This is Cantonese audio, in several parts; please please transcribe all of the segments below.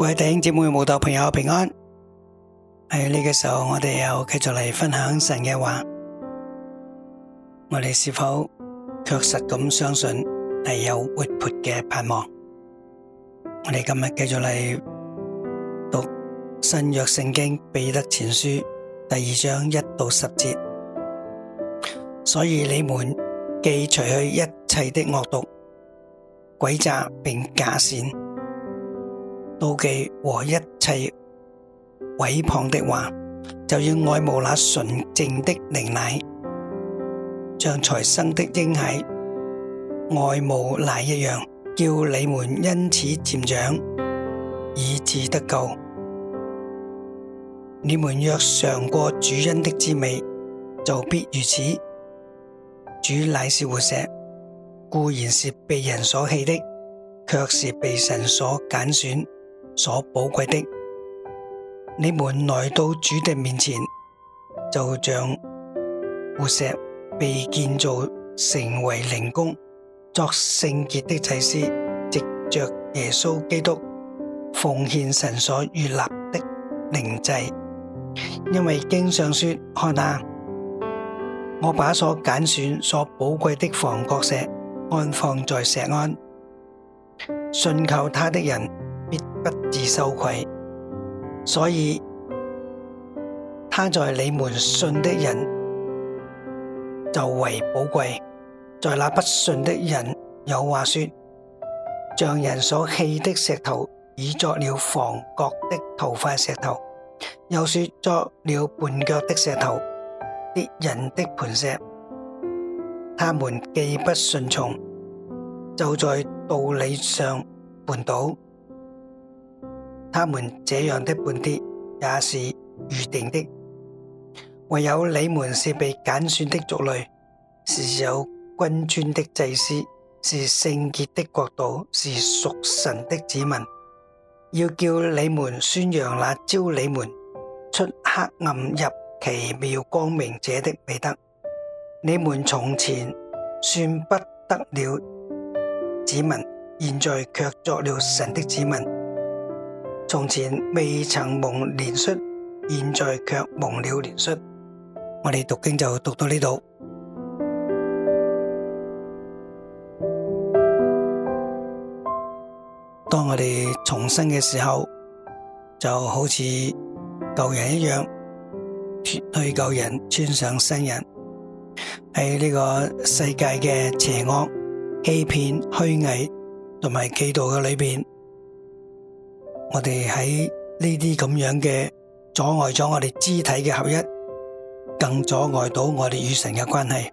各位弟兄姐妹、慕道朋友平安。喺呢、這個時候，我哋又繼續嚟分享神嘅話。我哋是否確實咁相信係有活潑嘅盼望？我哋今日繼續嚟讀新約聖經彼得前書第二章一到十節。所以你們既除去一切的惡毒、詭詐並假善，妒忌和一切毀謗的話，就要愛慕那純淨的靈奶，像才生的嬰孩愛慕奶一樣，叫你們因此漸長，以致得救。你們若嘗過主恩的滋味，就必如此。主乃是活石，固然是被人所棄的，却是被神所揀選。所寶貴的，你們來到主的面前，就像活石被建造成為靈宮，作聖潔的祭司，藉着耶穌基督奉獻神所悅納的靈祭。因為經上說：看啊，我把所揀選、所寶貴的房角石安放在石安，信靠他的人。不至羞愧，所以他在你們信的人就為寶貴；在那不信的人，有話說像人所棄的石頭，已作了房角的頭塊石頭，又說作了絆腳的石頭，跌人的磐石。他們既不順從，就在道理上絆倒。他們這樣的絆跌也是預定的，唯有你們是被揀選的族類，是有君尊的祭司，是聖潔的國度，是屬神的子民。要叫你們宣揚那召你們出黑暗入奇妙光明者的美德。你們從前算不得了子民，現在卻作了神的子民。從前未曾蒙憐恤，現在卻蒙了憐恤。我哋讀經就讀到呢度。當我哋重生嘅時候，就好似舊人一樣脫去舊人，穿上新人，喺呢個世界嘅邪惡、欺騙、虛偽同埋嫉妒嘅裏邊。我哋喺呢啲咁樣嘅阻礙咗我哋肢體嘅合一，更阻礙到我哋與神嘅關係。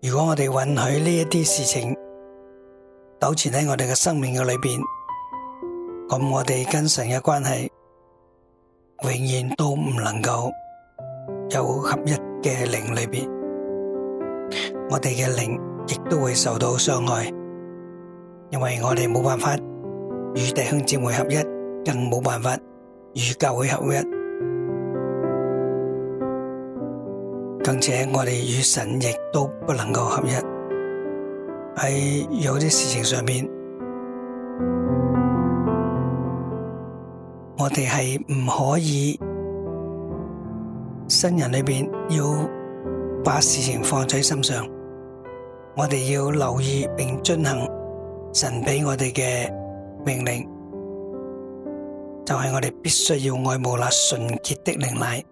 如果我哋允許呢一啲事情糾纏喺我哋嘅生命嘅裏邊，咁我哋跟神嘅關係永遠都唔能夠有合一嘅靈裏邊，我哋嘅靈亦都會受到傷害，因為我哋冇辦法。與弟兄姊妹合一，更冇辦法與教會合一，更且我哋與神亦都不能夠合一。喺有啲事情上面，我哋係唔可以。新人裏邊要把事情放喺心上，我哋要留意並遵行神俾我哋嘅命令就係、是，我哋必須要愛慕那純潔的靈奶。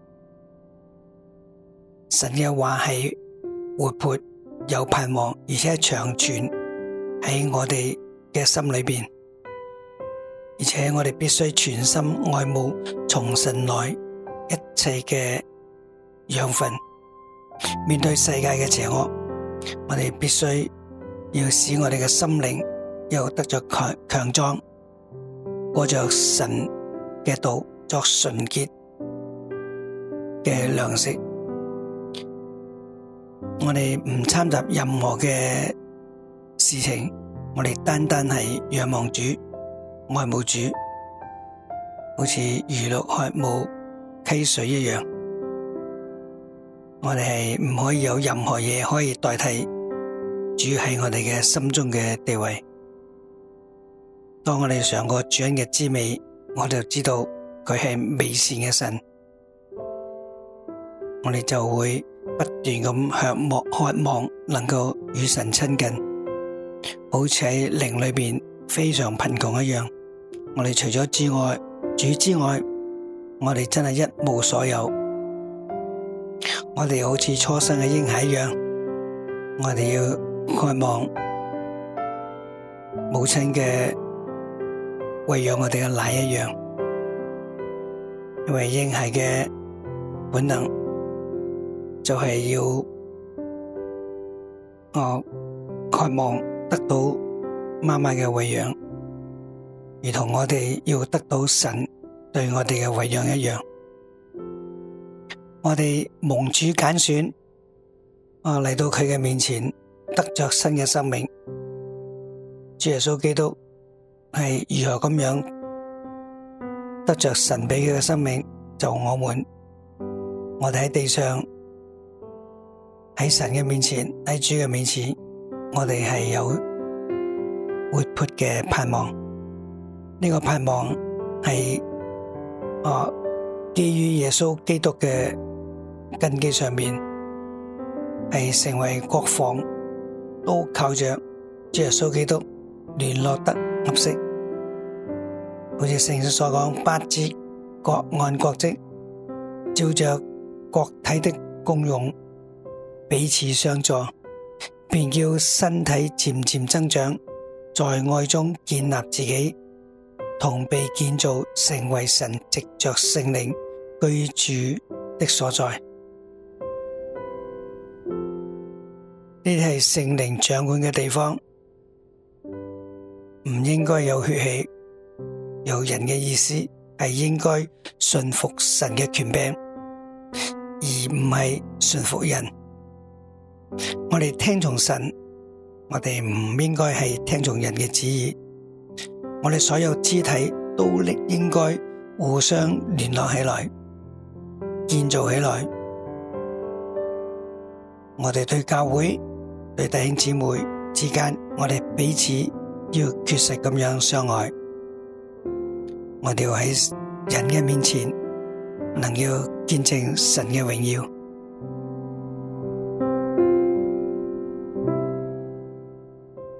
神嘅話係活潑有盼望，而且長存喺我哋嘅心裏邊。而且我哋必須全心愛慕從神來一切嘅養分。面對世界嘅邪惡，我哋必須要使我哋嘅心靈。又得着強壯，過着神嘅道，作純潔嘅糧食。我哋唔摻雜任何嘅事情，我哋單單係仰望主、愛慕主，好似如鹿渴慕溪水一樣。我哋係唔可以有任何嘢可以代替主喺我哋嘅心中嘅地位。當我哋嘗過主恩嘅滋味，我哋就知道佢係美善嘅神，我哋就會不斷咁向望，渴望能夠與神親近，好似喺靈裏邊非常貧窮一樣。我哋除咗之外，主之外，我哋真係一無所有。我哋好似初生嘅嬰孩一樣，我哋要渴望母親嘅餵養我哋嘅奶一樣，因為嬰孩嘅本能就係要我、哦、渴望得到媽媽嘅餵養，如同我哋要得到神對我哋嘅餵養一樣。我哋蒙主揀選，啊、哦、嚟到佢嘅面前，得着新嘅生命。主耶穌基督。係如何咁樣得着神俾佢嘅生命？就我們，我哋喺地上，喺神嘅面前，喺主嘅面前，我哋係有活潑嘅盼望。呢個盼望係，啊，基於耶穌基督嘅根基上面，係成為國防，都靠着耶穌基督聯絡得合適。好似聖書所講，八節，各按各職，照着，各體的功用，彼此相助，便叫身體漸漸增長，在愛中建立自己，同被建造成為神，藉着聖靈居住的所在。呢係聖靈掌管嘅地方，唔應該有血氣，有人嘅意思係應該順服神嘅權柄，而唔係順服人。我哋聽從神，我哋唔應該係聽從人嘅旨意。我哋所有肢體都應應該互相聯絡起來，建造起來。我哋對教會、對弟兄姊妹之間，我哋彼此要切實咁樣相愛。我哋喺人嘅面前，能夠見證神嘅榮耀。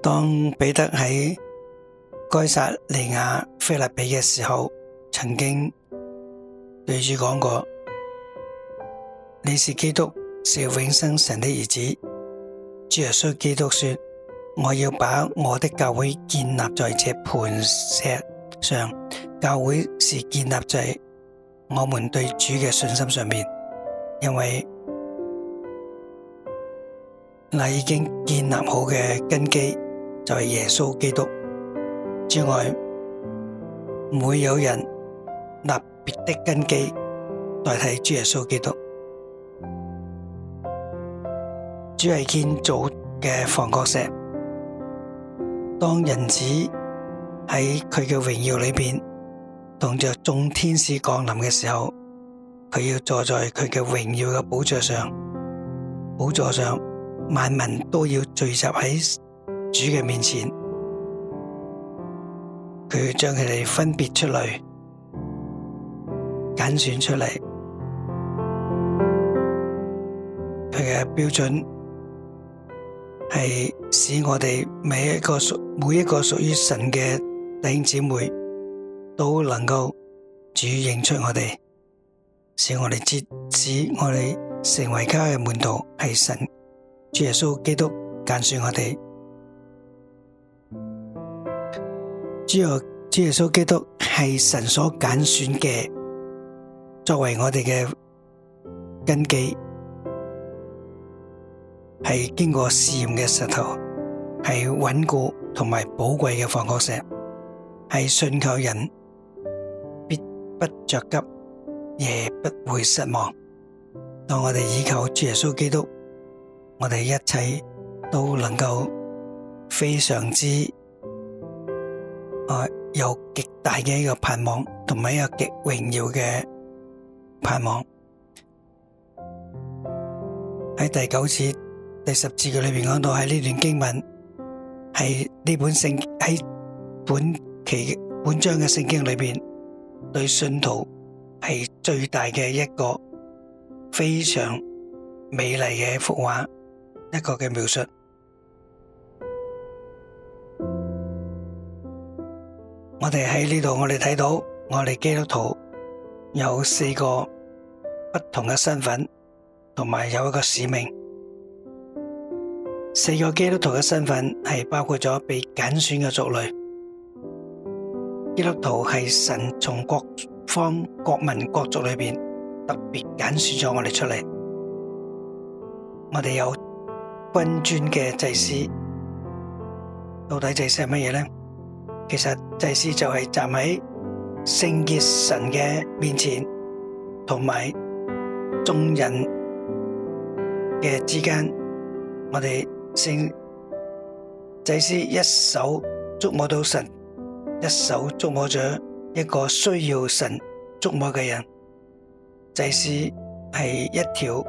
當彼得喺該撒利亞腓立比嘅時候，曾經對主講過：“你是基督，是永生神的兒子。”主耶穌基督說：“我要把我的教會建立在這磐石上。”教會是建立在我們對主嘅信心上面，因為你已經建立好嘅根基就是耶穌基督之外，唔會有人立別的根基代替主耶穌基督。主係建造嘅房角石，當人子喺佢嘅榮耀裏面。當着眾天使降臨嘅時候，佢要坐在佢嘅榮耀嘅寶座上，寶座上，萬民都要聚集喺主嘅面前。佢要將佢哋分別出嚟，揀選出嚟。佢嘅標準係使我哋每一個屬每一個屬於神嘅弟兄姊妹。都能夠主認出我哋，使我哋接止我哋成為家嘅門徒，係神主耶穌基督揀選我哋。主耶穌基督係神所揀選嘅，作為我哋嘅根基，係經過試驗嘅石頭，係穩固同埋寶貴嘅房角石，係信靠人。不着急，也不會失望。當我哋依靠主耶穌基督，我哋一切都能夠非常之誒、呃，有極大嘅一個盼望，同埋一個極榮耀嘅盼望。喺第九節、第十節嘅裏邊講到，喺呢段經文，喺呢本聖喺本期本章嘅聖經裏邊。對信徒係最大嘅一個非常美麗嘅一幅畫，一個嘅描述。我哋喺呢度，我哋睇到我哋基督徒有四個不同嘅身份，同埋有一個使命。四個基督徒嘅身份係包括咗被揀選嘅族類。基督徒係神從各方各民各族裏面特別揀選咗我哋出嚟，我哋有君尊嘅祭司。到底祭司係乜嘢呢？其實祭司就係站喺聖潔神嘅面前，同埋眾人嘅之間，我哋聖祭司一手捉摸到神。一手觸摸咗一個需要神觸摸嘅人，祭司係一條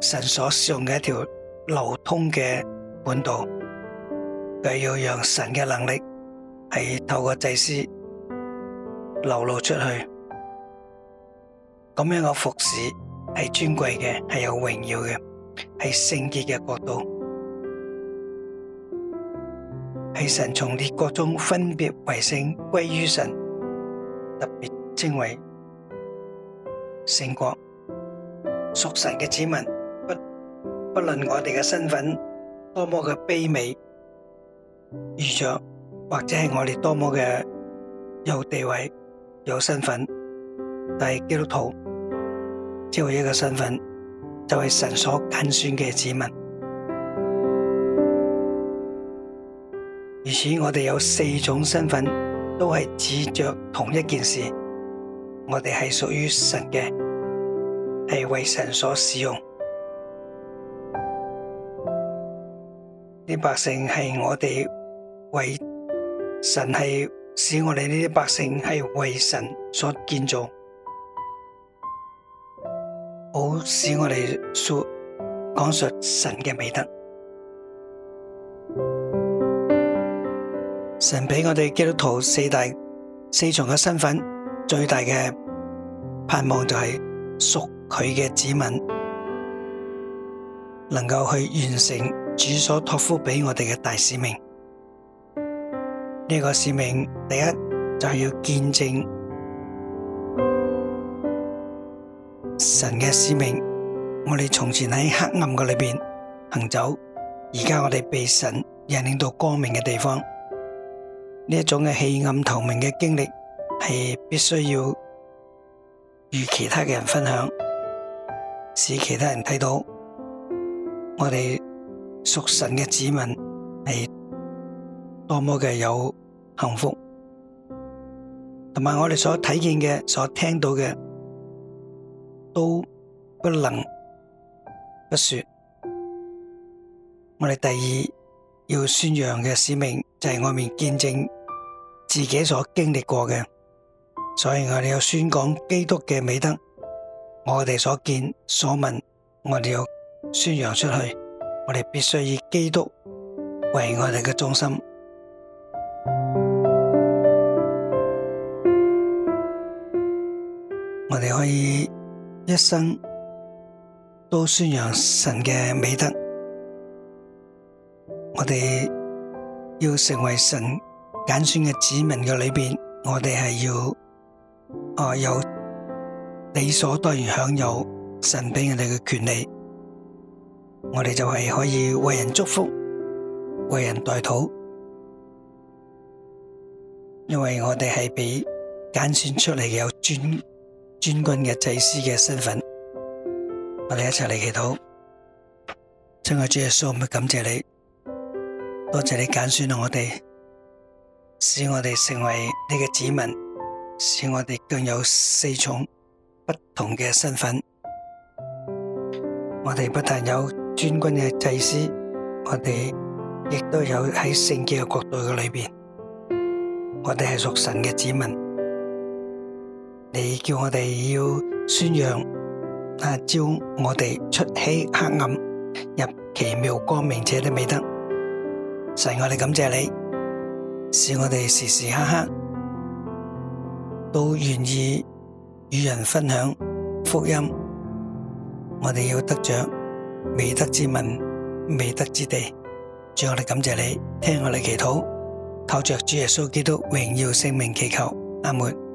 神所使用嘅一條流通嘅管道，佢要讓神嘅能力係透過祭司流露出去。咁樣嘅服侍係尊貴嘅，係有榮耀嘅，係聖潔嘅國度。神從列國中分別為聖，歸於神，特別稱為聖國。屬神嘅子民，不不論我哋嘅身份多麼嘅卑微，遇着或者係我哋多麼嘅有地位、有身份，但係基督徒只有一個身份，就係神所揀選嘅子民。如此，我哋有四種身份，都係指着同一件事。我哋係屬於神嘅，係為神所使用。呢啲百姓係我哋為神係使我哋呢啲百姓係為神所建造，好使我哋說講述神嘅美德。神畀我哋基督徒四大四重嘅身份，最大嘅盼望就係贖佢嘅子民，能夠去完成主所託付俾我哋嘅大使命。呢、這個使命第一就係要見證神嘅使命。我哋從前喺黑暗嘅裏邊行走，而家我哋被神引領到光明嘅地方。呢一種嘅棄暗投明嘅經歷，係必須要與其他嘅人分享，使其他人睇到我哋屬神嘅子民係多麼嘅有幸福，同埋我哋所睇見嘅、所聽到嘅都不能不說。我哋第二要宣揚嘅使命就係外面見證。自己所經歷過嘅，所以我哋要宣講基督嘅美德。我哋所見所聞，我哋要宣揚出去。我哋必須以基督為我哋嘅中心。我哋可以一生都宣揚神嘅美德。我哋要成為神。揀選嘅子民嘅裏面，我哋係要，啊、哦、有理所當然享有神俾我哋嘅權利，我哋就係可以為人祝福、為人代禱，因為我哋係被揀選出嚟嘅有尊尊貴嘅祭司嘅身份，我哋一齊嚟祈禱，親愛主耶穌，我哋感謝你，多謝你揀選咗我哋。使我哋成為你嘅子民，使我哋更有四種不同嘅身份。我哋不但有尊君嘅祭司，我哋亦都有喺聖潔嘅國度嘅裏邊。我哋係屬神嘅子民。你叫我哋要宣揚啊，召我哋出起黑暗，入奇妙光明者嘅美德。神，我哋感謝你。使我哋時時刻刻都願意與人分享福音，我哋要得着未得之民，未得之地。主，我哋感謝你，聽我哋祈禱，靠着主耶穌基督榮耀聖名祈求。阿門。